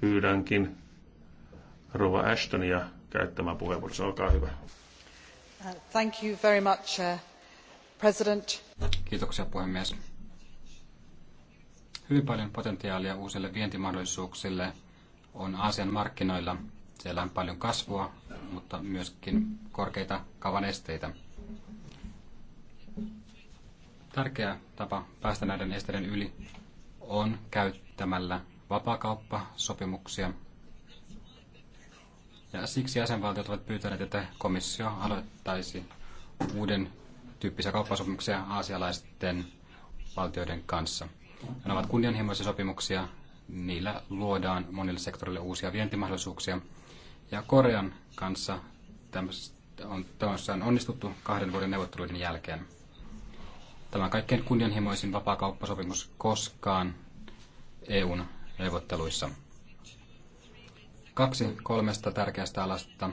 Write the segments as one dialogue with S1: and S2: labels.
S1: Pyydänkin Rova Ashtonia käyttämään puheenvuoron. Olkaa hyvä.
S2: Thank you very much, uh, President.
S3: Kiitoksia puhemies. Hyvin paljon potentiaalia uusille vientimahdollisuuksille on Aasian markkinoilla. Siellä on paljon kasvua, mutta myöskin korkeita kavan esteitä. Tärkeä tapa päästä näiden esteiden yli on käyttämällä sopimuksia Ja siksi jäsenvaltiot ovat pyytäneet, että komissio aloittaisi uuden tyyppisiä kauppasopimuksia aasialaisten valtioiden kanssa. Ne ovat kunnianhimoisia sopimuksia, niillä luodaan monille sektorille uusia vientimahdollisuuksia. Ja Korean kanssa on, on onnistuttu kahden vuoden neuvotteluiden jälkeen. Tämä on kaikkein kunnianhimoisin vapaakauppasopimus koskaan EUn neuvotteluissa. Kaksi kolmesta tärkeästä alasta,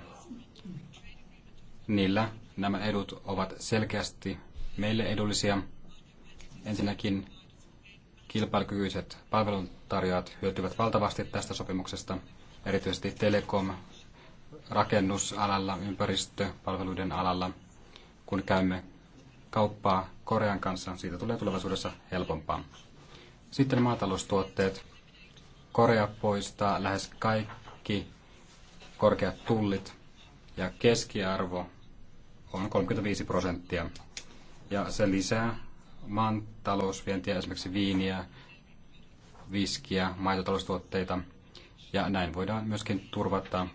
S3: niillä nämä edut ovat selkeästi meille edullisia. Ensinnäkin kilpailukykyiset palveluntarjoajat hyötyvät valtavasti tästä sopimuksesta, erityisesti telekom, rakennusalalla, ympäristöpalveluiden alalla. Kun käymme kauppaa Korean kanssa, siitä tulee tulevaisuudessa helpompaa. Sitten maataloustuotteet. Korea poistaa lähes kaikki korkeat tullit ja keskiarvo on 35 prosenttia. Ja se lisää maan talousvientiä, esimerkiksi viiniä, viskiä, maitotaloustuotteita. Ja näin voidaan myöskin turvata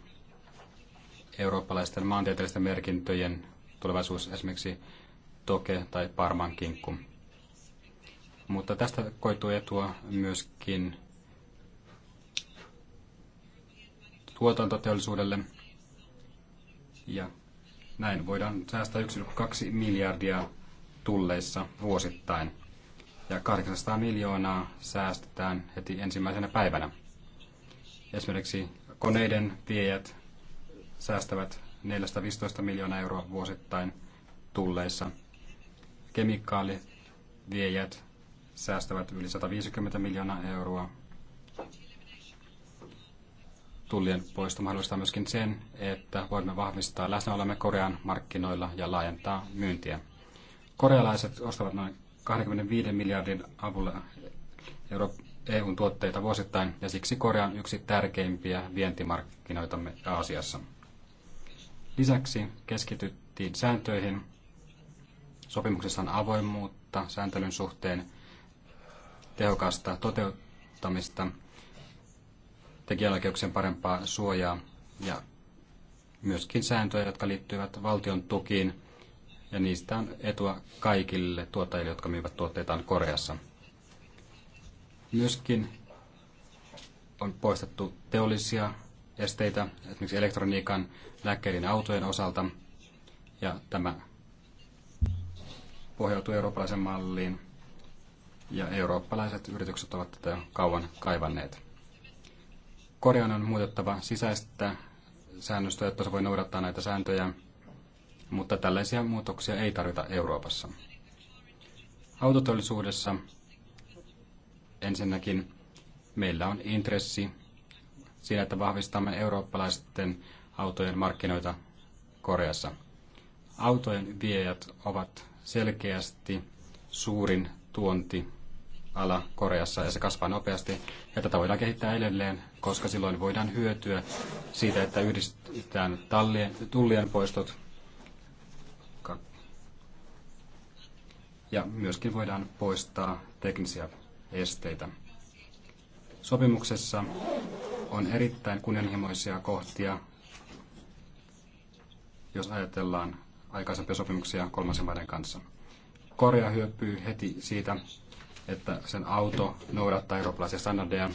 S3: eurooppalaisten maantieteellisten merkintöjen tulevaisuus, esimerkiksi toke tai parman kinkku. Mutta tästä koituu etua myöskin tuotantoteollisuudelle. Ja näin voidaan säästää 1,2 miljardia tulleissa vuosittain. Ja 800 miljoonaa säästetään heti ensimmäisenä päivänä. Esimerkiksi koneiden viejät säästävät 415 miljoonaa euroa vuosittain tulleissa. Kemikaaliviejät säästävät yli 150 miljoonaa euroa tullien poisto mahdollistaa myöskin sen, että voimme vahvistaa läsnäolemme Korean markkinoilla ja laajentaa myyntiä. Korealaiset ostavat noin 25 miljardin avulla EUn tuotteita vuosittain ja siksi Korea on yksi tärkeimpiä vientimarkkinoitamme Aasiassa. Lisäksi keskityttiin sääntöihin. Sopimuksessa on avoimuutta sääntelyn suhteen, tehokasta toteuttamista tekijänoikeuksien parempaa suojaa ja myöskin sääntöjä, jotka liittyvät valtion tukiin, ja niistä on etua kaikille tuottajille, jotka myyvät tuotteitaan Koreassa. Myöskin on poistettu teollisia esteitä, esimerkiksi elektroniikan, lääkkeiden ja autojen osalta, ja tämä pohjautuu eurooppalaisen malliin, ja eurooppalaiset yritykset ovat tätä kauan kaivanneet. Korean on muutettava sisäistä säännöstöä, jotta se voi noudattaa näitä sääntöjä, mutta tällaisia muutoksia ei tarvita Euroopassa. Autotollisuudessa ensinnäkin meillä on intressi siinä, että vahvistamme eurooppalaisten autojen markkinoita Koreassa. Autojen viejät ovat selkeästi suurin tuonti ala Koreassa ja se kasvaa nopeasti. Ja tätä voidaan kehittää edelleen, koska silloin voidaan hyötyä siitä, että yhdistetään tallien, tullien poistot. Ja myöskin voidaan poistaa teknisiä esteitä. Sopimuksessa on erittäin kunnianhimoisia kohtia, jos ajatellaan aikaisempia sopimuksia kolmansien maiden kanssa. Korea hyöpyy heti siitä, että sen auto noudattaa eurooppalaisia standardeja.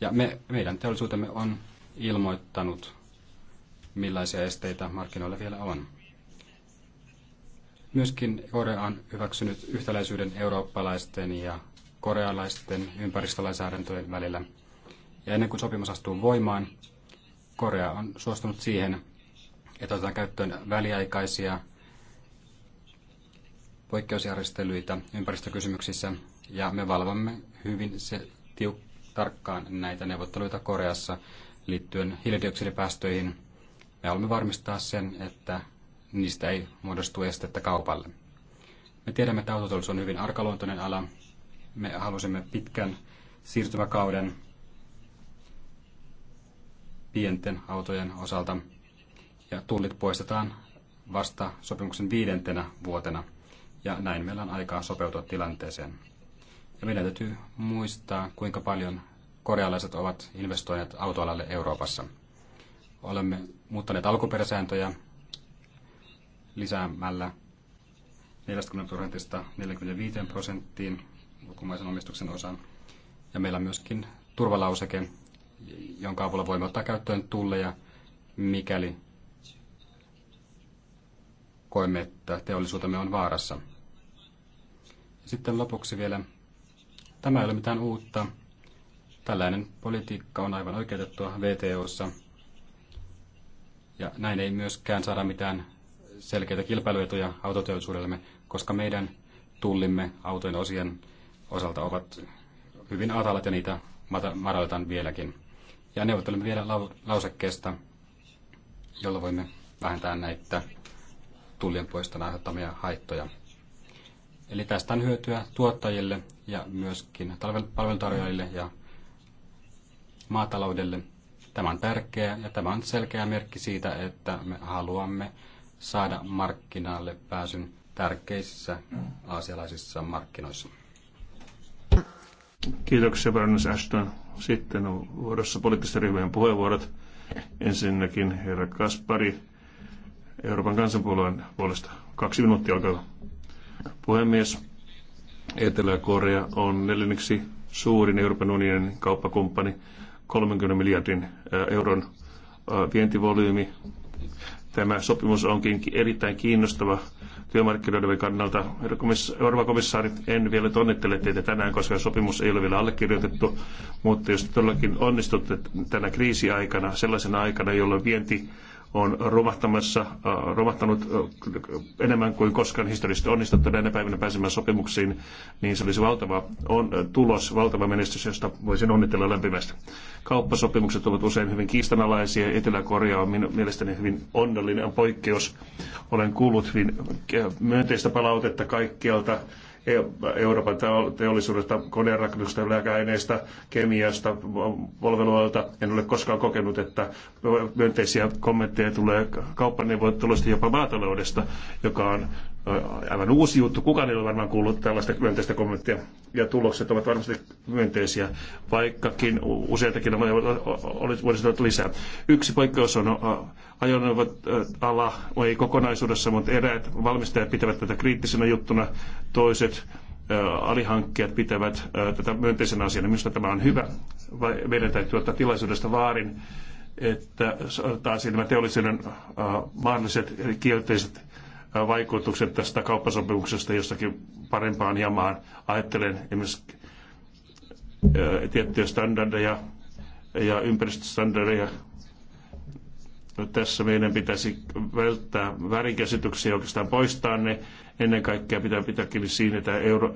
S3: Ja me, meidän teollisuutemme on ilmoittanut, millaisia esteitä markkinoilla vielä on. Myöskin Korea on hyväksynyt yhtäläisyyden eurooppalaisten ja korealaisten ympäristölainsäädäntöjen välillä. Ja ennen kuin sopimus astuu voimaan, Korea on suostunut siihen, että otetaan käyttöön väliaikaisia poikkeusjärjestelyitä ympäristökysymyksissä ja me valvomme hyvin se tiuk- tarkkaan näitä neuvotteluita Koreassa liittyen hiilidioksidipäästöihin. Me haluamme varmistaa sen, että niistä ei muodostu estettä kaupalle. Me tiedämme, että autotollisuus on hyvin arkaluontoinen ala. Me halusimme pitkän siirtymäkauden pienten autojen osalta ja tullit poistetaan vasta sopimuksen viidentenä vuotena – ja näin meillä on aikaa sopeutua tilanteeseen. Ja meidän täytyy muistaa, kuinka paljon korealaiset ovat investoineet autoalalle Euroopassa. Olemme muuttaneet alkuperäsääntöjä lisäämällä 40 prosentista 45 prosenttiin ulkomaisen omistuksen osan. Ja meillä on myöskin turvalauseke, jonka avulla voimme ottaa käyttöön tulleja, mikäli koemme, että teollisuutemme on vaarassa. Sitten lopuksi vielä. Tämä ei ole mitään uutta. Tällainen politiikka on aivan oikeutettua VTOssa. Ja näin ei myöskään saada mitään selkeitä kilpailuetuja autoteollisuudellemme, koska meidän tullimme autojen osien osalta ovat hyvin atalat ja niitä madalletaan vieläkin. Ja neuvottelemme vielä lausekkeesta, jolla voimme vähentää näitä tullien poiston aiheuttamia haittoja. Eli tästä on hyötyä tuottajille ja myöskin palveluntarjoajille ja maataloudelle. Tämä on tärkeää ja tämä on selkeä merkki siitä, että me haluamme saada markkinaalle pääsyn tärkeissä aasialaisissa markkinoissa.
S1: Kiitoksia, Baroness Ashton. Sitten on vuorossa poliittisten ryhmien puheenvuorot. Ensinnäkin herra Kaspari Euroopan kansanpuolueen puolesta. Kaksi minuuttia, olkaa puhemies. Etelä-Korea on neljänneksi suurin Euroopan unionin kauppakumppani, 30 miljardin äh, euron äh, vientivolyymi. Tämä sopimus onkin erittäin kiinnostava työmarkkinoiden kannalta. Euroopan komissaari, en vielä onnittele teitä tänään, koska sopimus ei ole vielä allekirjoitettu, mutta jos todellakin onnistutte tänä kriisiaikana, sellaisena aikana, jolloin vienti on romahtamassa, äh, romahtanut äh, enemmän kuin koskaan historiallisesti onnistuttu näinä päivinä pääsemään sopimuksiin, niin se olisi valtava on, äh, tulos, valtava menestys, josta voisin onnitella lämpimästi. Kauppasopimukset ovat usein hyvin kiistanalaisia. Etelä-Korea on minun mielestäni hyvin onnellinen poikkeus. Olen kuullut hyvin myönteistä palautetta kaikkialta E- Euroopan teollisuudesta, koneenrakennuksesta, lääkäaineista, kemiasta, polveluilta. En ole koskaan kokenut, että myönteisiä kommentteja tulee kauppaneuvotteluista jopa maataloudesta, joka on aivan uusi juttu. Kukaan ei ole varmaan kuullut tällaista myönteistä kommenttia. Ja tulokset ovat varmasti myönteisiä, vaikkakin useitakin olisi lisää. Yksi poikkeus on ajoneuvot ala, ei kokonaisuudessa, mutta eräät valmistajat pitävät tätä kriittisenä juttuna. Toiset alihankkijat pitävät tätä myönteisenä asiana. Minusta tämä on hyvä. Meidän täytyy ottaa tilaisuudesta vaarin, että taas nämä teollisuuden mahdolliset kielteiset vaikutukset tästä kauppasopimuksesta jostakin parempaan jamaan. Ajattelen esimerkiksi tiettyjä standardeja ja ympäristöstandardeja. No, tässä meidän pitäisi välttää väärinkäsityksiä oikeastaan poistaa ne. Ennen kaikkea pitää pitääkin siinä, että Euro-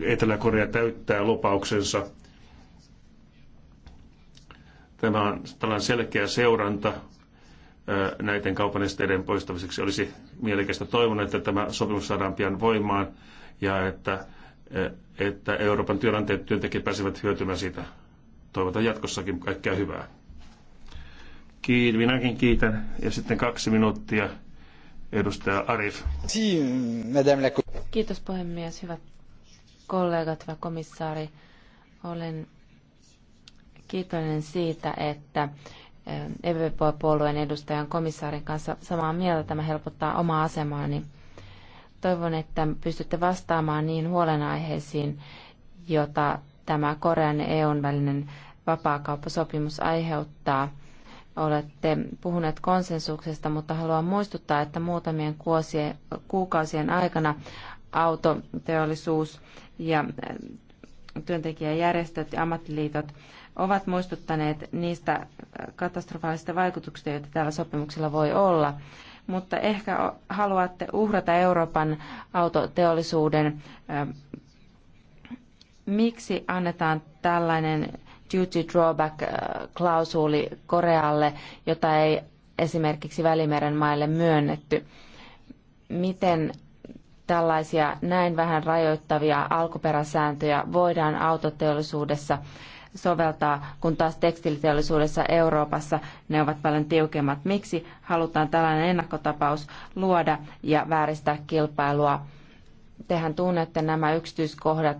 S1: Etelä-Korea täyttää lupauksensa. Tämä on tällainen selkeä seuranta näiden kaupan esteiden poistamiseksi. Olisi mielekästä toivon, että tämä sopimus saadaan pian voimaan ja että, että Euroopan työnantajat työntekijät pääsevät hyötymään siitä. Toivotan jatkossakin kaikkea hyvää. Kiit minäkin kiitän. Ja sitten kaksi minuuttia. Edustaja Arif.
S4: Kiitos puhemies. Hyvät kollegat, hyvä komissaari. Olen kiitollinen siitä, että EVP-puolueen e edustajan komissaarin kanssa samaa mieltä. Tämä helpottaa omaa asemaani. Toivon, että pystytte vastaamaan niin huolenaiheisiin, jota tämä Korean ja EUn välinen vapaakauppasopimus aiheuttaa. Olette puhuneet konsensuksesta, mutta haluan muistuttaa, että muutamien kuukausien aikana autoteollisuus ja työntekijäjärjestöt ja ammattiliitot ovat muistuttaneet niistä katastrofaalisista vaikutuksista, joita tällä sopimuksella voi olla. Mutta ehkä haluatte uhrata Euroopan autoteollisuuden. Miksi annetaan tällainen duty drawback-klausuli Korealle, jota ei esimerkiksi Välimeren maille myönnetty? Miten tällaisia näin vähän rajoittavia alkuperäsääntöjä voidaan autoteollisuudessa äh, soveltaa, kun taas tekstiiliteollisuudessa Euroopassa ne ovat paljon tiukemmat. Miksi halutaan tällainen ennakkotapaus luoda ja vääristää kilpailua? Tehän tunnette nämä yksityiskohdat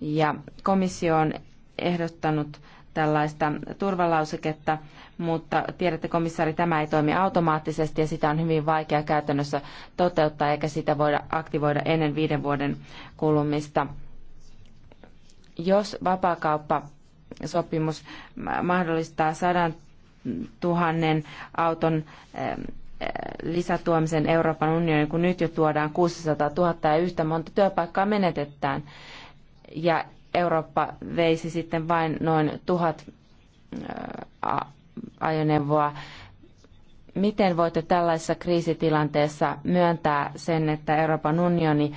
S4: ja komissio on ehdottanut tällaista turvalauseketta, mutta tiedätte komissaari, tämä ei toimi automaattisesti ja sitä on hyvin vaikea käytännössä toteuttaa eikä sitä voida aktivoida ennen viiden vuoden kulumista. Jos vapaakauppa sopimus mahdollistaa sadan tuhannen auton eh, lisätuomisen Euroopan unionin, kun nyt jo tuodaan 600 000 ja yhtä monta työpaikkaa menetetään. Ja Eurooppa veisi sitten vain noin tuhat eh, ajoneuvoa. Miten voitte tällaisessa kriisitilanteessa myöntää sen, että Euroopan unioni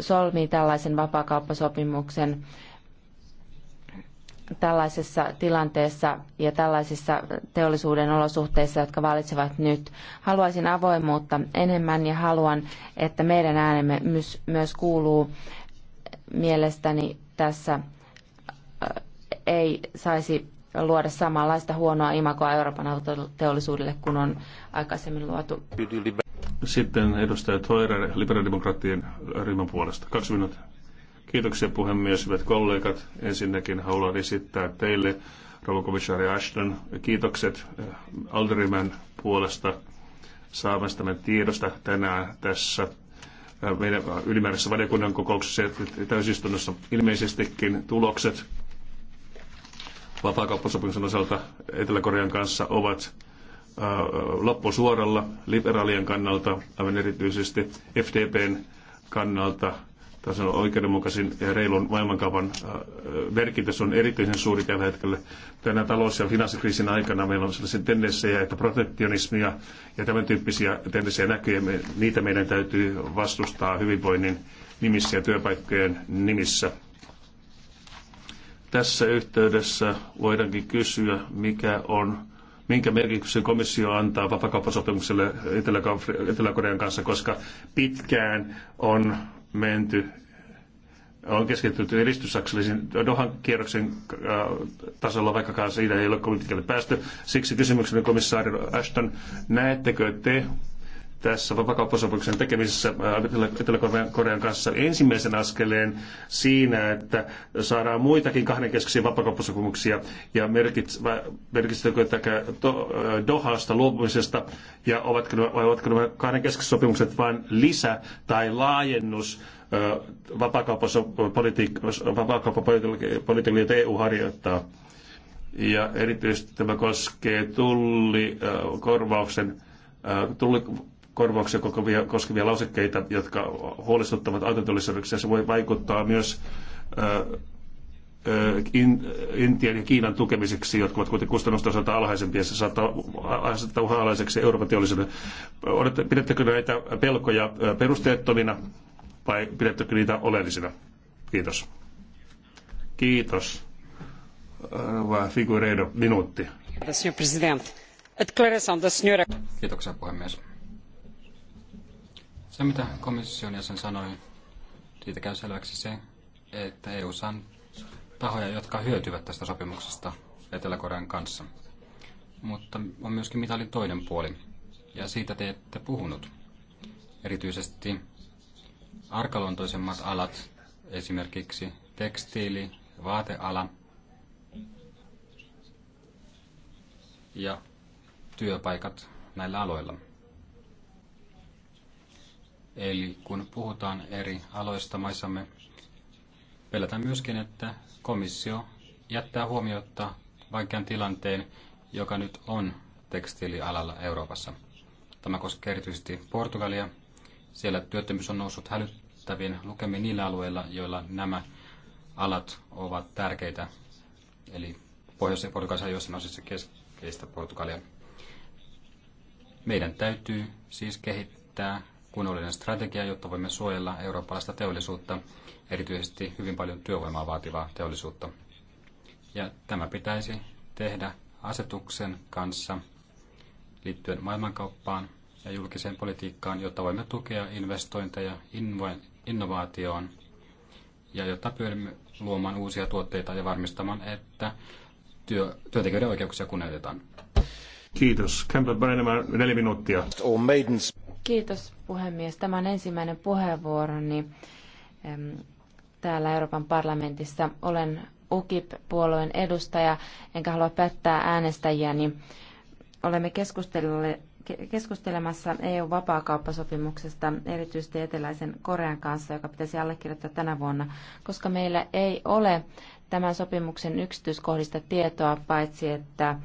S4: solmii tällaisen vapaakauppasopimuksen tällaisessa tilanteessa ja tällaisissa teollisuuden olosuhteissa, jotka valitsevat nyt. Haluaisin avoimuutta enemmän ja haluan, että meidän äänemme myös, myös kuuluu mielestäni tässä ei saisi luoda samanlaista huonoa imakoa Euroopan autoteollisuudelle, kun on aikaisemmin luotu.
S1: Sitten edustaja Toirer, liberaalidemokraattien ryhmän puolesta. Kaksi minuuttia. Kiitoksia puhemies, hyvät kollegat. Ensinnäkin haluan esittää teille, rouva komissaari Ashton, kiitokset eh, Alderyhmän puolesta saamastamme tiedosta tänään tässä eh, meidän ylimääräisessä valiokunnan kokouksessa ja täysistunnossa ilmeisestikin tulokset vapaakauppasopimuksen osalta Etelä-Korean kanssa ovat eh, loppusuoralla liberaalien kannalta, aivan erityisesti FDPn kannalta tasolla oikeudenmukaisen ja reilun maailmankaupan äh, merkitys on erityisen suuri tällä hetkellä. Tänä talous- ja finanssikriisin aikana meillä on sellaisia tendenssejä, että protektionismia ja tämän tyyppisiä tendenssejä näkyy. niitä meidän täytyy vastustaa hyvinvoinnin nimissä ja työpaikkojen nimissä. Tässä yhteydessä voidaankin kysyä, mikä on minkä merkityksen komissio antaa vapakauppasopimukselle Etelä-Korean kanssa, koska pitkään on menty, on keskittynyt edistysakselisiin Dohan kierroksen äh, tasolla, vaikkakaan siitä ei ole kovin pitkälle päästy. Siksi kysymykseni komissaari Ashton, näettekö te tässä vakauppasopimuksen tekemisessä äh, Etelä-Korean kanssa ensimmäisen askeleen siinä, että saadaan muitakin kahdenkeskisiä vapakauppasopimuksia ja tätä äh, Dohasta luopumisesta ja ovatko, vai ovatko nämä kahdenkeskiset sopimukset vain lisä tai laajennus äh, vapakauppapolitiikkaa, jota EU harjoittaa. Ja erityisesti tämä koskee tullikorvauksen tulli, korvauksia koskevia, koskevia lausekkeita, jotka huolestuttavat autotollisuuksia. Se voi vaikuttaa myös Intian ja Kiinan tukemiseksi, jotka ovat kuitenkin kustannustasolta alhaisempia, se saattaa asettaa uhanalaiseksi Euroopan teollisuuden. Pidättekö näitä pelkoja perusteettomina vai pidättekö niitä oleellisina? Kiitos. Kiitos. Figueiredo, minuutti. Kiitoksia puhemies
S3: se, mitä komission jäsen sanoi, siitä käy selväksi se, että EU on tahoja, jotka hyötyvät tästä sopimuksesta Etelä-Korean kanssa. Mutta on myöskin mitalin toinen puoli, ja siitä te ette puhunut. Erityisesti arkaluontoisemmat alat, esimerkiksi tekstiili, vaateala ja työpaikat näillä aloilla. Eli kun puhutaan eri aloista maissamme, pelätään myöskin, että komissio jättää huomiota vaikean tilanteen, joka nyt on tekstiilialalla Euroopassa. Tämä koskee erityisesti Portugalia. Siellä työttömyys on noussut hälyttävien lukemiin niillä alueilla, joilla nämä alat ovat tärkeitä. Eli pohjoisen Portugalissa ja jossain osissa siis keskeistä Portugalia. Meidän täytyy siis kehittää kunnollinen strategia, jotta voimme suojella eurooppalaista teollisuutta, erityisesti hyvin paljon työvoimaa vaativaa teollisuutta. Ja tämä pitäisi tehdä asetuksen kanssa liittyen maailmankauppaan ja julkiseen politiikkaan, jotta voimme tukea investointeja innovaatioon ja jotta pyrimme luomaan uusia tuotteita ja varmistamaan, että työ, työntekijöiden oikeuksia kunnioitetaan.
S1: Kiitos. Campbell Brenneman, neljä minuuttia.
S4: Kiitos puhemies. Tämä on ensimmäinen puheenvuoroni täällä Euroopan parlamentissa. Olen UKIP-puolueen edustaja, enkä halua päättää äänestäjiäni. Niin olemme keskustelemassa EU-vapaakauppasopimuksesta erityisesti eteläisen Korean kanssa, joka pitäisi allekirjoittaa tänä vuonna, koska meillä ei ole tämän sopimuksen yksityiskohdista tietoa, paitsi että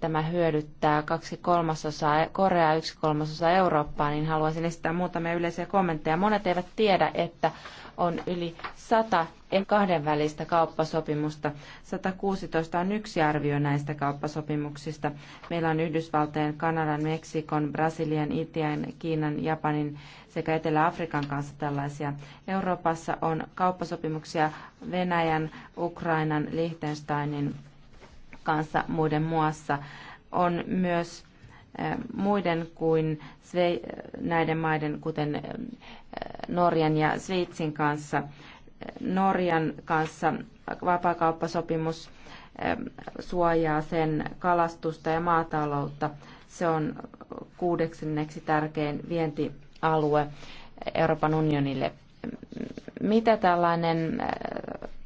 S4: tämä hyödyttää kaksi kolmasosaa e- Koreaa, yksi kolmasosa Eurooppaa, niin haluaisin esittää muutamia yleisiä kommentteja. Monet eivät tiedä, että on yli 100 kahdenvälistä kauppasopimusta. 116 on yksi arvio näistä kauppasopimuksista. Meillä on Yhdysvaltojen, Kanadan, Meksikon, Brasilian, Itian, Kiinan, Japanin sekä Etelä-Afrikan kanssa tällaisia. Euroopassa on kauppasopimuksia Venäjän, Ukrainan, Liechtensteinin, kanssa muiden muassa. On myös eh, muiden kuin näiden maiden, kuten eh, Norjan ja Sveitsin kanssa. Eh, Norjan kanssa vapaakauppasopimus suojaa sen kalastusta ja maataloutta. Se on kuudeksenneksi tärkein vientialue Euroopan unionille. Mitä tällainen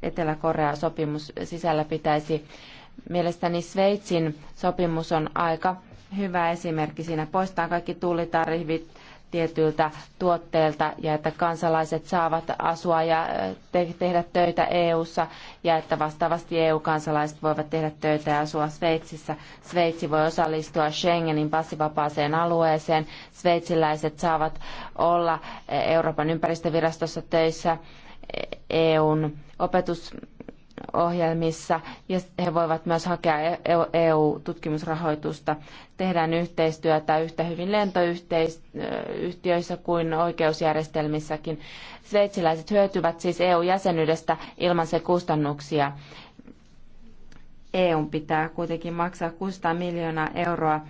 S4: Etelä-Korea-sopimus sisällä pitäisi Mielestäni Sveitsin sopimus on aika hyvä esimerkki. Siinä poistaa kaikki tullitariffit tietyiltä tuotteilta ja että kansalaiset saavat asua ja äh, te- tehdä töitä EU-ssa ja että vastaavasti EU-kansalaiset voivat tehdä töitä ja asua Sveitsissä. Sveitsi voi osallistua Schengenin passivapaaseen alueeseen. Sveitsiläiset saavat olla Euroopan ympäristövirastossa töissä EUn opetus ohjelmissa ja he voivat myös hakea EU-tutkimusrahoitusta. E- e Tehdään yhteistyötä yhtä hyvin lentoyhtiöissä kuin oikeusjärjestelmissäkin. Sveitsiläiset hyötyvät siis EU-jäsenyydestä ilman se kustannuksia. EUn pitää kuitenkin maksaa 600 miljoonaa euroa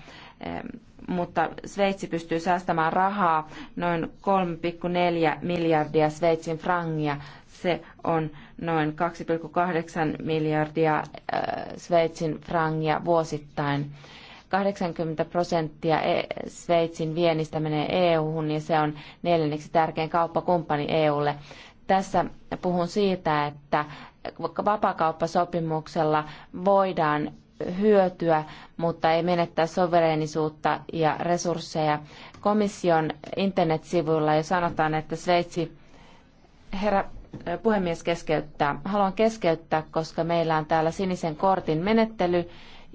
S4: mutta Sveitsi pystyy säästämään rahaa noin 3,4 miljardia Sveitsin frangia se on noin 2,8 miljardia äh, Sveitsin frangia vuosittain. 80 prosenttia e, Sveitsin viennistä menee EU-hun ja se on neljänneksi tärkein kauppakumppani EUlle. Tässä puhun siitä, että vapakauppasopimuksella voidaan hyötyä, mutta ei menettää sovereenisuutta ja resursseja. Komission internetsivuilla jo sanotaan, että Sveitsi, herra Puhemies keskeyttää. Haluan keskeyttää, koska meillä on täällä sinisen kortin menettely.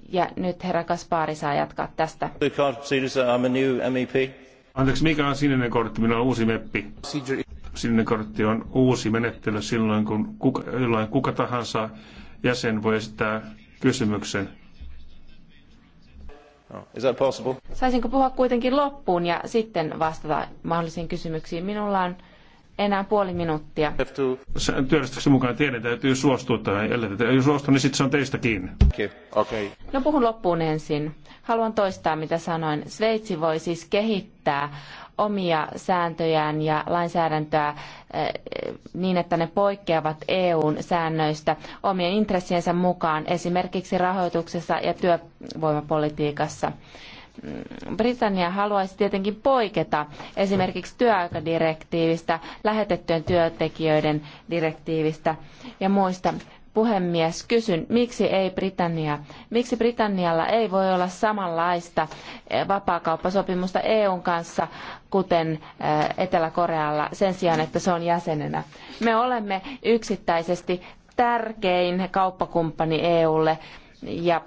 S4: Ja nyt herra Kaspaari saa jatkaa tästä.
S1: E Anteeksi, mikä on sininen kortti? Minulla on uusi meppi. Sininen kortti on uusi menettely silloin, kun kuka, jolloin kuka tahansa jäsen voi esittää kysymyksen. Oh, is that possible?
S4: Saisinko puhua kuitenkin loppuun ja sitten vastata mahdollisiin kysymyksiin? Minulla on enää puoli minuuttia.
S1: Työllistyksen mukaan teidän täytyy suostua tähän, ellei te ei suostu, niin sitten se on teistä kiinni. Okay.
S4: No puhun loppuun ensin. Haluan toistaa, mitä sanoin. Sveitsi voi siis kehittää omia sääntöjään ja lainsäädäntöä eh, niin, että ne poikkeavat EUn säännöistä omien intressiensä mukaan, esimerkiksi rahoituksessa ja työvoimapolitiikassa. Britannia haluaisi tietenkin poiketa esimerkiksi työaikadirektiivistä, lähetettyjen työntekijöiden direktiivistä ja muista. Puhemies, kysyn, miksi ei Britannia, miksi Britannialla ei voi olla samanlaista eh, vapaakauppasopimusta EUn kanssa, kuten eh, Etelä-Korealla, sen sijaan, että se on jäsenenä. Me olemme yksittäisesti tärkein kauppakumppani EUlle ja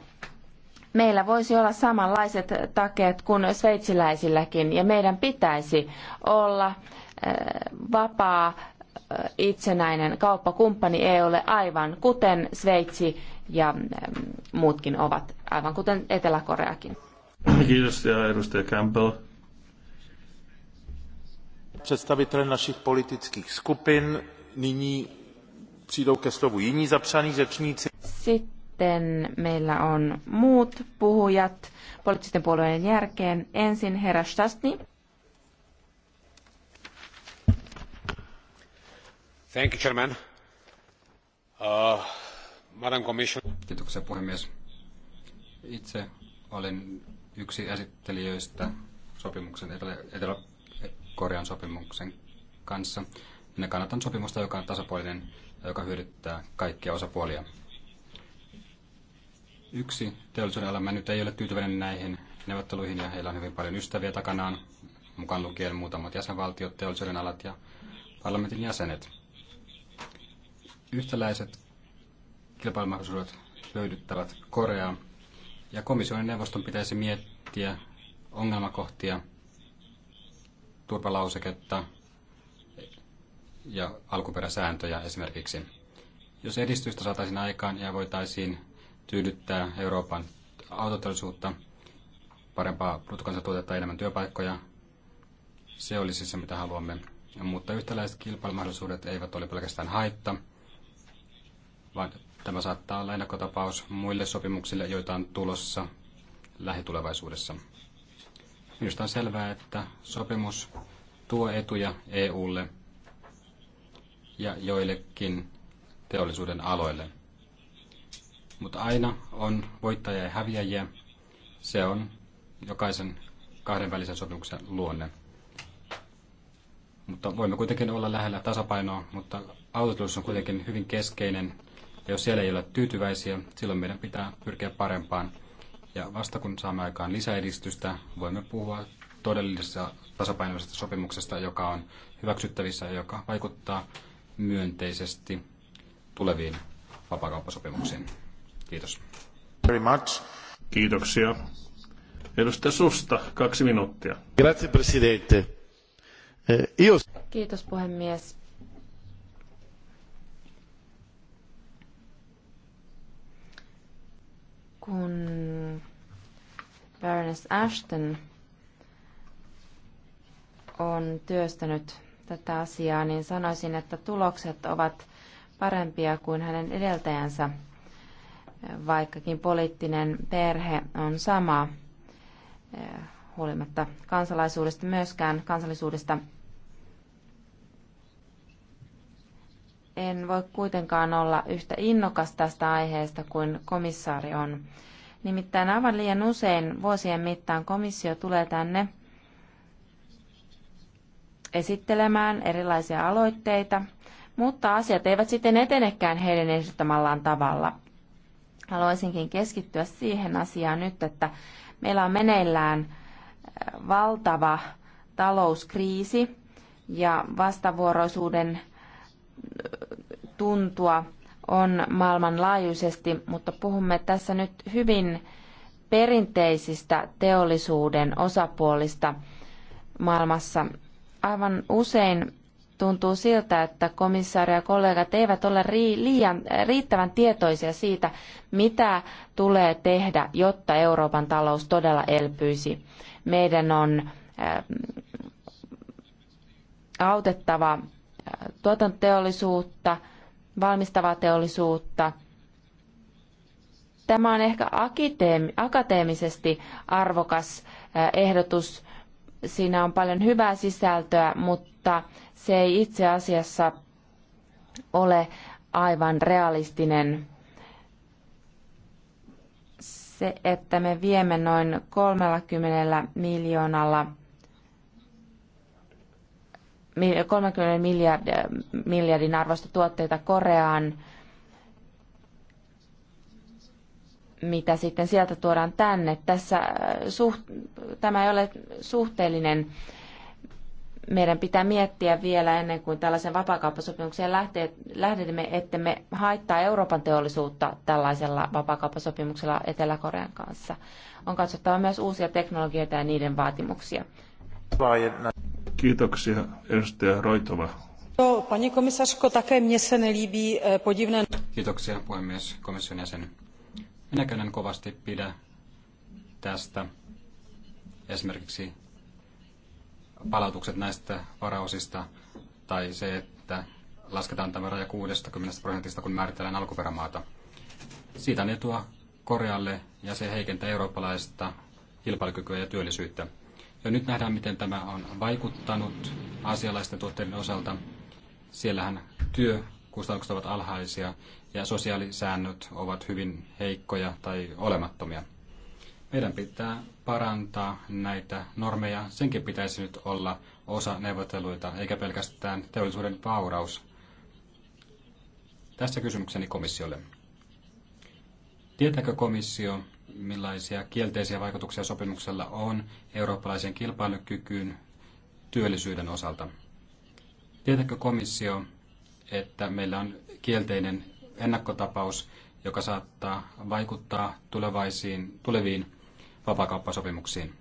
S4: Meillä voisi olla samanlaiset takeet kuin sveitsiläisilläkin ja meidän pitäisi olla eh, vapaa eh, itsenäinen kauppakumppani EUlle aivan kuten Sveitsi ja mm, muutkin ovat, aivan kuten Etelä-Koreakin.
S1: Kiitos ja edustaja Campbell. Představitel našich politických skupin nyní přijdou ke slovu jiní zapsaní řečníci.
S4: Sitten sitten meillä on muut puhujat poliittisten puolueiden jälkeen. Ensin herra Stastny.
S3: Thank you, Chairman. Uh, Madam Commission. Kiitoksia puhemies. Itse olen yksi esittelijöistä sopimuksen Etelä-Korean sopimuksen kanssa. Minä kannatan sopimusta, joka on tasapuolinen ja joka hyödyttää kaikkia osapuolia. Yksi teollisuuden elämä nyt ei ole tyytyväinen näihin neuvotteluihin ja heillä on hyvin paljon ystäviä takanaan, mukaan lukien muutamat jäsenvaltiot, teollisuuden alat ja parlamentin jäsenet. Yhtäläiset kilpailumahdollisuudet löydyttävät Koreaa ja komission neuvoston pitäisi miettiä ongelmakohtia, turvalauseketta ja alkuperäsääntöjä esimerkiksi. Jos edistystä saataisiin aikaan ja voitaisiin tyydyttää Euroopan autotollisuutta, parempaa bruttokansantuotetta, enemmän työpaikkoja. Se olisi siis se, mitä haluamme. Mutta yhtäläiset kilpailumahdollisuudet eivät ole pelkästään haitta, vaan tämä saattaa olla ennakkotapaus muille sopimuksille, joita on tulossa lähitulevaisuudessa. Minusta on selvää, että sopimus tuo etuja EUlle ja joillekin teollisuuden aloille. Mutta aina on voittajia ja häviäjiä. Se on jokaisen kahdenvälisen sopimuksen luonne. Mutta voimme kuitenkin olla lähellä tasapainoa, mutta autoteollisuus on kuitenkin hyvin keskeinen. Ja jos siellä ei ole tyytyväisiä, silloin meidän pitää pyrkiä parempaan. Ja vasta kun saamme aikaan lisäedistystä, voimme puhua todellisesta tasapainoisesta sopimuksesta, joka on hyväksyttävissä ja joka vaikuttaa myönteisesti
S1: tuleviin vapakauppasopimuksiin. Kiitos. Very much. Kiitoksia. Edustaja Susta, kaksi minuuttia. Grazie, presidente.
S2: Eh,
S4: Kiitos puhemies. Kun Baroness Ashton on työstänyt tätä asiaa, niin sanoisin, että tulokset ovat parempia kuin hänen edeltäjänsä vaikkakin poliittinen perhe on sama eh, huolimatta kansalaisuudesta myöskään kansallisuudesta. En voi kuitenkaan olla yhtä innokas tästä aiheesta kuin komissaari on. Nimittäin aivan liian usein vuosien mittaan komissio tulee tänne esittelemään erilaisia aloitteita, mutta asiat eivät sitten etenekään heidän esittämällään tavalla. Haluaisinkin keskittyä siihen asiaan nyt, että meillä on meneillään äh, valtava talouskriisi ja vastavuoroisuuden äh, tuntua on maailmanlaajuisesti, mutta puhumme tässä nyt hyvin perinteisistä teollisuuden osapuolista maailmassa. Aivan usein tuntuu siltä, että komissaari ja kollegat eivät ole liian, äh, riittävän tietoisia siitä, mitä tulee tehdä, jotta Euroopan talous todella elpyisi. Meidän on äh, autettava äh, tuotantoteollisuutta, valmistavaa teollisuutta. Tämä on ehkä akateemisesti arvokas ehdotus. Siinä on paljon hyvää sisältöä, mutta se ei itse asiassa ole aivan realistinen. Se, että me viemme noin 30 miljoonalla 30 miljardin, miljardin arvosta tuotteita Koreaan, mitä sitten sieltä tuodaan tänne. Tässä äh, suht, tämä ei ole suhteellinen meidän pitää miettiä vielä ennen kuin tällaisen vapaakauppasopimukseen lähdemme, että me haittaa Euroopan teollisuutta tällaisella vapaakauppasopimuksella Etelä-Korean kanssa. On katsottava myös uusia teknologioita ja niiden vaatimuksia.
S1: Kiitoksia, edustaja Roitova.
S2: E,
S3: Kiitoksia, puhemies, komission jäsen. Minäkään en kovasti pidä tästä esimerkiksi palautukset näistä varaosista tai se, että lasketaan tämä raja 60 prosentista, kun määritellään alkuperämaata. Siitä on etua Korealle ja se heikentää eurooppalaista kilpailukykyä ja työllisyyttä. Ja nyt nähdään, miten tämä on vaikuttanut asialaisten tuotteiden osalta. Siellähän työkustannukset ovat alhaisia ja sosiaalisäännöt ovat hyvin heikkoja tai olemattomia. Meidän pitää parantaa näitä normeja. Senkin pitäisi nyt olla osa neuvotteluita, eikä pelkästään teollisuuden vauraus. Tässä kysymykseni komissiolle. Tietääkö komissio, millaisia kielteisiä vaikutuksia sopimuksella on eurooppalaisen kilpailukykyyn työllisyyden osalta? Tietääkö komissio, että meillä on kielteinen ennakkotapaus, joka saattaa vaikuttaa tulevaisiin, tuleviin vapaakauppasopimuksiin.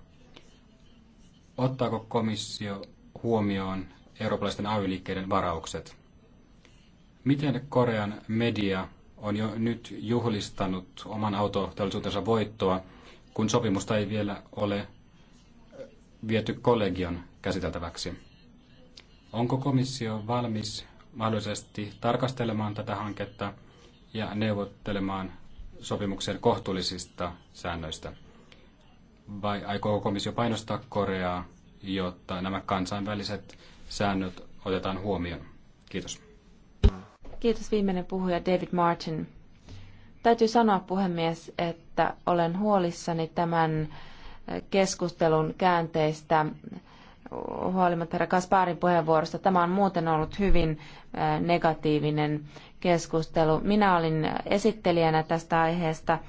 S3: Ottaako komissio huomioon eurooppalaisten AY-liikkeiden varaukset? Miten Korean media on jo nyt juhlistanut oman autoteollisuutensa voittoa, kun sopimusta ei vielä ole viety kollegion käsiteltäväksi? Onko komissio valmis mahdollisesti tarkastelemaan tätä hanketta ja neuvottelemaan sopimuksen kohtuullisista säännöistä? vai aikooko komissio painostaa Koreaa, jotta nämä kansainväliset säännöt otetaan huomioon? Kiitos.
S4: Kiitos viimeinen puhuja David Martin. Täytyy sanoa puhemies, että olen huolissani tämän keskustelun käänteistä huolimatta herra Kasparin puheenvuorosta. Tämä on muuten ollut hyvin negatiivinen keskustelu. Minä olin esittelijänä tästä aiheesta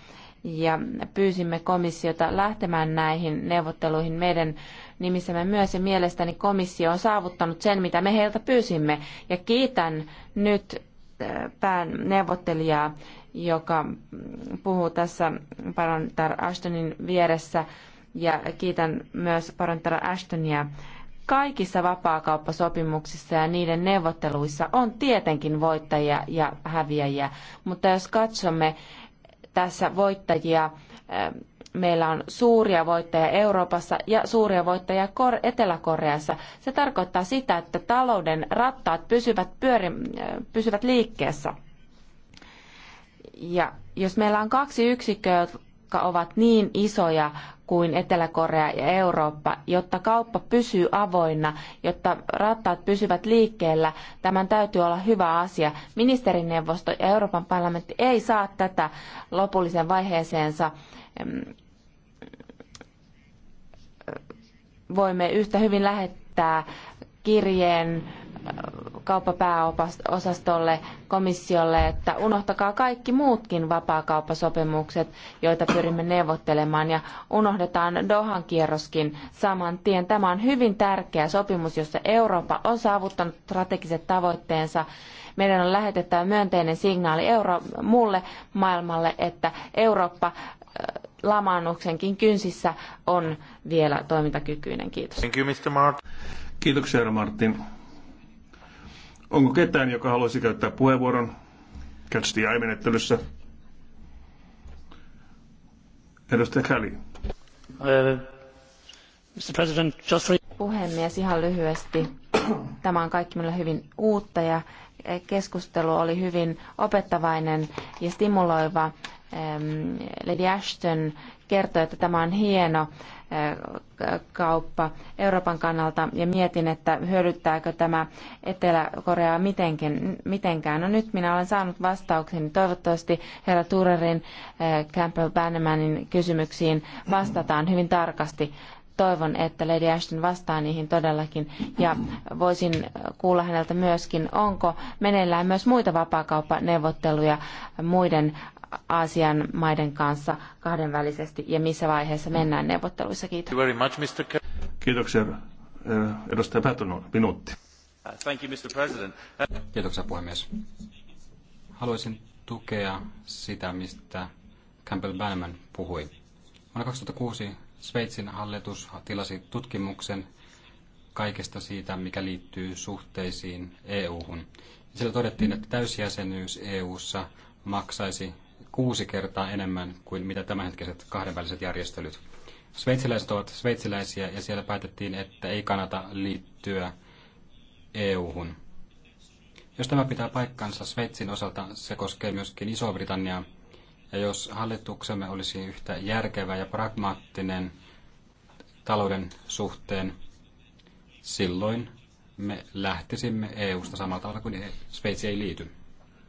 S4: ja pyysimme komissiota lähtemään näihin neuvotteluihin meidän nimissämme myös ja mielestäni komissio on saavuttanut sen, mitä me heiltä pyysimme ja kiitän nyt äh, neuvottelijaa, joka puhuu tässä parantar Ashtonin vieressä ja kiitän myös parantar Ashtonia kaikissa vapaakauppasopimuksissa ja niiden neuvotteluissa on tietenkin voittajia ja häviäjiä, mutta jos katsomme tässä voittajia. Ähm, meillä on suuria voittajia Euroopassa ja suuria voittajia Etelä-Koreassa. Se tarkoittaa sitä, että talouden rattaat pysyvät, pyöri, äh, pysyvät liikkeessä. Ja jos meillä on kaksi yksikköä, jotka ovat niin isoja kuin Etelä-Korea ja Eurooppa, jotta kauppa pysyy avoinna, jotta rattaat pysyvät liikkeellä. Tämän täytyy olla hyvä asia. Ministerineuvosto ja Euroopan parlamentti ei saa tätä lopulliseen vaiheeseensa. Voimme yhtä hyvin lähettää kirjeen kauppapääosastolle, komissiolle, että unohtakaa kaikki muutkin vapaakauppasopimukset, joita pyrimme neuvottelemaan ja unohdetaan Dohan kierroskin saman tien. Tämä on hyvin tärkeä sopimus, jossa Eurooppa on saavuttanut strategiset tavoitteensa. Meidän on lähetettävä myönteinen signaali euro- muulle maailmalle, että Eurooppa äh, lamaannuksenkin kynsissä on vielä toimintakykyinen. Kiitos.
S1: Thank you, Mr. Mart. Kiitoksia, Martin. Onko ketään, joka haluaisi käyttää puheenvuoron Catch the Eye-menettelyssä? Edustaja Kelly.
S4: Uh, Mr. President, just Puhemies, ihan lyhyesti. Tämä on kaikki minulle hyvin uutta ja keskustelu oli hyvin opettavainen ja stimuloiva. Lady Ashton kertoi, että tämä on hieno kauppa Euroopan kannalta ja mietin, että hyödyttääkö tämä Etelä-Koreaa mitenkään. No nyt minä olen saanut vastauksen. Toivottavasti herra Turerin eh, Campbell Bannemanin kysymyksiin vastataan hyvin tarkasti toivon, että Lady Ashton vastaa niihin todellakin. Ja voisin kuulla häneltä myöskin, onko meneillään myös muita vapaakauppaneuvotteluja muiden Aasian maiden kanssa kahdenvälisesti ja missä vaiheessa mennään neuvotteluissa. Kiitos.
S1: Very much, Mr. Kiitoksia. Eh, edustaja Pätön, minuutti.
S3: Uh, thank you, Mr. President. Uh, Kiitoksia puhemies. Haluaisin tukea sitä, mistä Campbell Bannerman puhui. Vuonna 2006 Sveitsin hallitus tilasi tutkimuksen kaikesta siitä, mikä liittyy suhteisiin EU-hun. Siellä todettiin, että täysjäsenyys EU-ssa maksaisi kuusi kertaa enemmän kuin mitä tämänhetkiset kahdenväliset järjestelyt. Sveitsiläiset ovat sveitsiläisiä ja siellä päätettiin, että ei kannata liittyä EU-hun. Jos tämä pitää paikkansa Sveitsin osalta, se koskee myöskin Iso-Britanniaa. Ja jos hallituksemme olisi yhtä järkevä ja pragmaattinen talouden suhteen, silloin me lähtisimme EU-sta samalla tavalla kuin Sveitsi ei liity.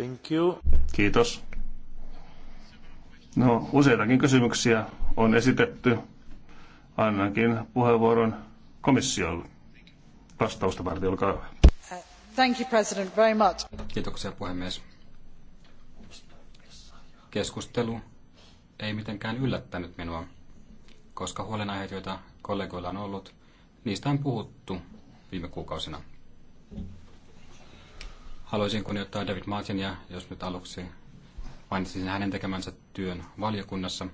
S1: Thank you. Kiitos. No, useitakin kysymyksiä on esitetty. Annankin puheenvuoron komissiolle. Vastausta varten, olkaa hyvä.
S2: Thank you, President, very much.
S1: Kiitoksia, puhemies.
S3: Keskustelu ei mitenkään yllättänyt minua, koska huolenaiheet, joita kollegoilla on ollut, niistä on puhuttu viime kuukausina. Haluaisin kunnioittaa David Martinia, jos nyt aluksi mainitsisin hänen tekemänsä työn valiokunnassa.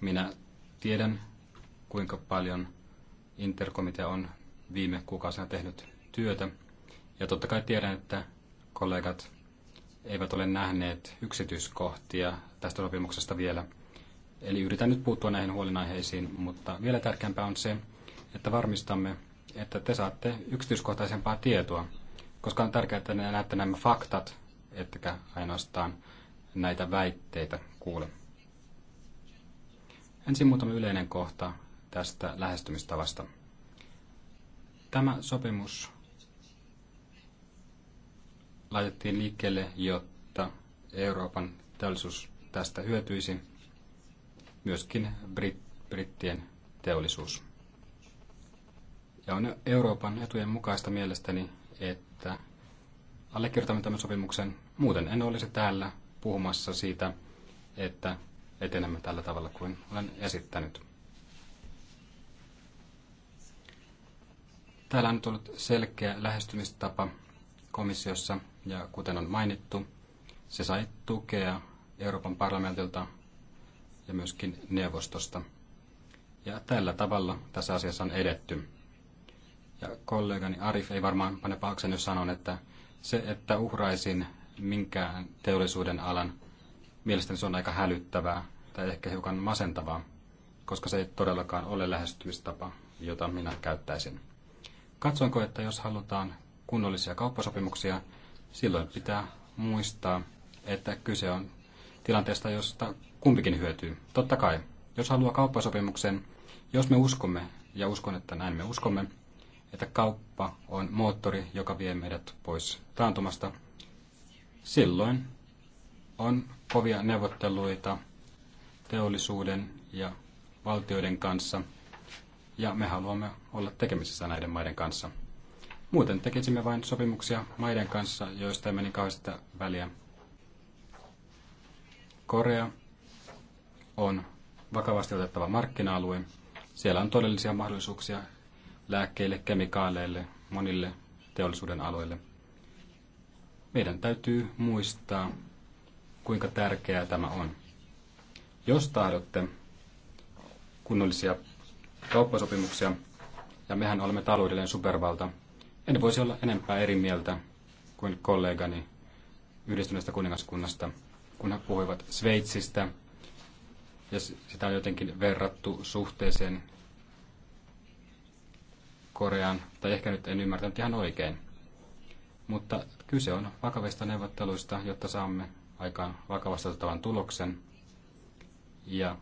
S3: Minä tiedän, kuinka paljon interkomitea on viime kuukausina tehnyt työtä. Ja totta kai tiedän, että kollegat eivät ole nähneet yksityiskohtia tästä sopimuksesta vielä. Eli yritän nyt puuttua näihin huolenaiheisiin, mutta vielä tärkeämpää on se, että varmistamme, että te saatte yksityiskohtaisempaa tietoa, koska on tärkeää, että ne näette nämä faktat, ettekä ainoastaan näitä väitteitä kuule. Ensin muutama yleinen kohta tästä lähestymistavasta. Tämä sopimus laitettiin liikkeelle, jotta Euroopan teollisuus tästä hyötyisi, myöskin Brit- brittien teollisuus. Ja on Euroopan etujen mukaista mielestäni, että allekirjoitamme tämän sopimuksen. Muuten en olisi täällä puhumassa siitä, että etenemme tällä tavalla kuin olen esittänyt. Täällä on tullut selkeä lähestymistapa komissiossa ja kuten on mainittu, se sai tukea Euroopan parlamentilta ja myöskin neuvostosta. Ja tällä tavalla tässä asiassa on edetty. Ja kollegani Arif ei varmaan pane pahaksen, jos sanon, että se, että uhraisin minkään teollisuuden alan, mielestäni se on aika hälyttävää tai ehkä hiukan masentavaa, koska se ei todellakaan ole lähestymistapa, jota minä käyttäisin. Katsoinko, että jos halutaan kunnollisia kauppasopimuksia, silloin pitää muistaa, että kyse on tilanteesta, josta kumpikin hyötyy. Totta kai, jos haluaa kauppasopimuksen, jos me uskomme, ja uskon, että näin me uskomme, että kauppa on moottori, joka vie meidät pois taantumasta, silloin on kovia neuvotteluita teollisuuden ja valtioiden kanssa, ja me haluamme olla tekemisissä näiden maiden kanssa. Muuten tekisimme vain sopimuksia maiden kanssa, joista ei meni kauheasti väliä. Korea on vakavasti otettava markkina-alue. Siellä on todellisia mahdollisuuksia lääkkeille, kemikaaleille, monille teollisuuden aloille. Meidän täytyy muistaa, kuinka tärkeää tämä on. Jos tahdotte kunnollisia kauppasopimuksia, ja mehän olemme taloudellinen supervalta, en voisi olla enempää eri mieltä kuin kollegani yhdistyneestä kuningaskunnasta, kun he puhuivat Sveitsistä, ja sitä on jotenkin verrattu suhteeseen, Korean, tai ehkä nyt en ymmärtänyt ihan oikein. Mutta kyse on vakavista neuvotteluista, jotta saamme aikaan vakavasta otettavan tuloksen. Ja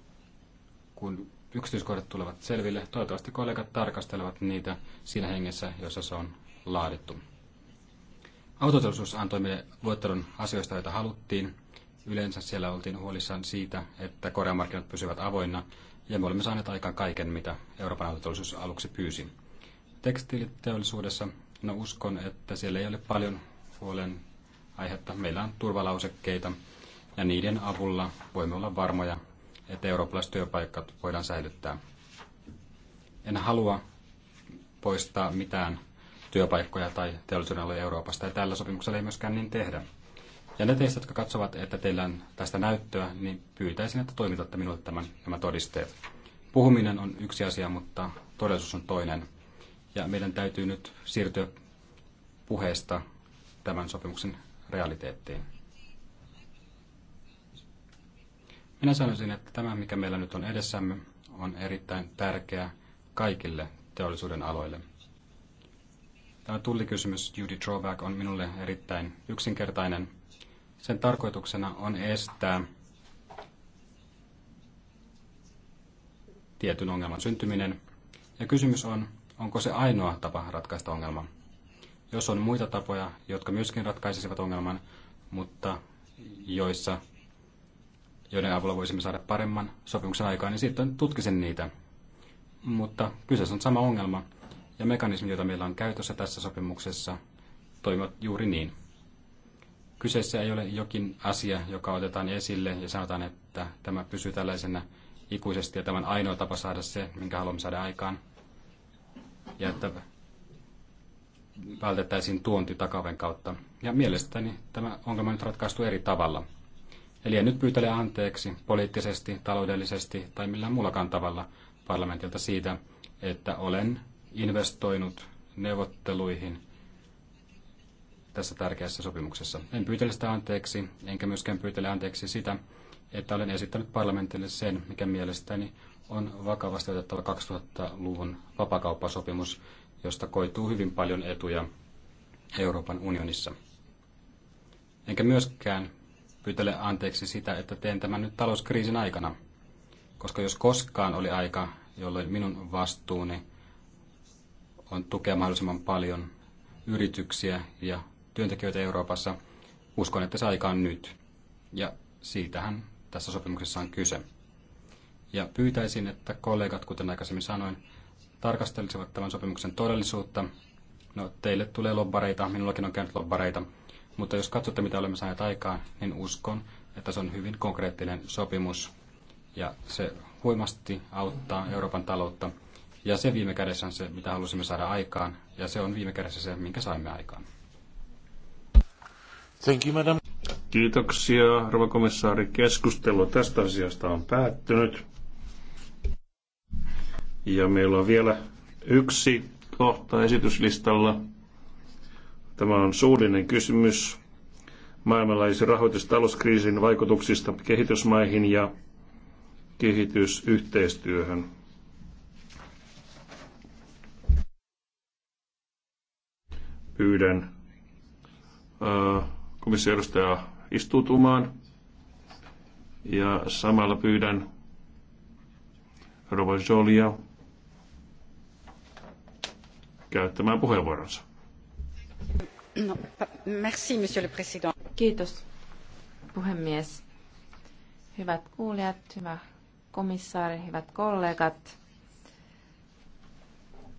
S3: kun yksityiskohdat tulevat selville, toivottavasti kollegat tarkastelevat niitä siinä hengessä, jossa se on laadittu. Autoteollisuus antoi meille luettelon asioista, joita haluttiin. Yleensä siellä oltiin huolissaan siitä, että Korean markkinat pysyvät avoinna, ja me olemme saaneet aikaan kaiken, mitä Euroopan autoteollisuus aluksi pyysi tekstiiliteollisuudessa, no uskon, että siellä ei ole paljon huolen aihetta. Meillä on turvalausekkeita ja niiden avulla voimme olla varmoja, että eurooppalaiset työpaikat voidaan säilyttää. En halua poistaa mitään työpaikkoja tai teollisuuden Euroopasta, ja tällä sopimuksella ei myöskään niin tehdä. Ja ne teistä, jotka katsovat, että teillä on tästä näyttöä, niin pyytäisin, että toimitatte minulle tämän, nämä todisteet. Puhuminen on yksi asia, mutta todellisuus on toinen. Ja meidän täytyy nyt siirtyä puheesta tämän sopimuksen realiteettiin. Minä sanoisin, että tämä, mikä meillä nyt on edessämme, on erittäin tärkeä kaikille teollisuuden aloille. Tämä tullikysymys duty drawback on minulle erittäin yksinkertainen. Sen tarkoituksena on estää tietyn ongelman syntyminen. Ja kysymys on, Onko se ainoa tapa ratkaista ongelma? Jos on muita tapoja, jotka myöskin ratkaisisivat ongelman, mutta joissa, joiden avulla voisimme saada paremman sopimuksen aikaan, niin sitten tutkisin niitä. Mutta kyseessä on sama ongelma, ja mekanismi, jota meillä on käytössä tässä sopimuksessa, toimivat juuri niin. Kyseessä ei ole jokin asia, joka otetaan esille ja sanotaan, että tämä pysyy tällaisena ikuisesti ja tämän ainoa tapa saada se, minkä haluamme saada aikaan, ja että vältettäisiin tuonti takaven kautta. Ja mielestäni tämä ongelma nyt ratkaistu eri tavalla. Eli en nyt pyytele anteeksi poliittisesti, taloudellisesti tai millään muullakaan tavalla parlamentilta siitä, että olen investoinut neuvotteluihin tässä tärkeässä sopimuksessa. En pyytele sitä anteeksi, enkä myöskään pyytele anteeksi sitä, että olen esittänyt parlamentille sen, mikä mielestäni on vakavasti otettava 2000-luvun vapakauppasopimus, josta koituu hyvin paljon etuja Euroopan unionissa. Enkä myöskään pyytele anteeksi sitä, että teen tämän nyt talouskriisin aikana, koska jos koskaan oli aika, jolloin minun vastuuni on tukea mahdollisimman paljon yrityksiä ja työntekijöitä Euroopassa, uskon, että se aika on nyt. Ja siitähän tässä sopimuksessa on kyse. Ja pyytäisin, että kollegat, kuten aikaisemmin sanoin, tarkastelisivat tämän sopimuksen todellisuutta. No, teille tulee lobbareita, minullakin on käynyt lobbareita, mutta jos katsotte, mitä olemme saaneet aikaan, niin uskon, että se on hyvin konkreettinen sopimus ja se huimasti auttaa Euroopan taloutta. Ja se viime kädessä on se, mitä halusimme saada aikaan, ja se on viime kädessä se, minkä saimme aikaan.
S1: Thank you, madam. Kiitoksia, rouva komissaari. Keskustelu tästä asiasta on päättynyt. Ja meillä on vielä yksi kohta esityslistalla. Tämä on suullinen kysymys maailmanlaajuisen rahoitustalouskriisin vaikutuksista kehitysmaihin ja kehitysyhteistyöhön. Pyydän komission istutumaan istuutumaan ja samalla pyydän Robert Jolia käyttämään puheenvuoronsa.
S2: No, merci, monsieur le président. Kiitos,
S4: puhemies. Hyvät kuulijat, hyvä komissaari, hyvät kollegat.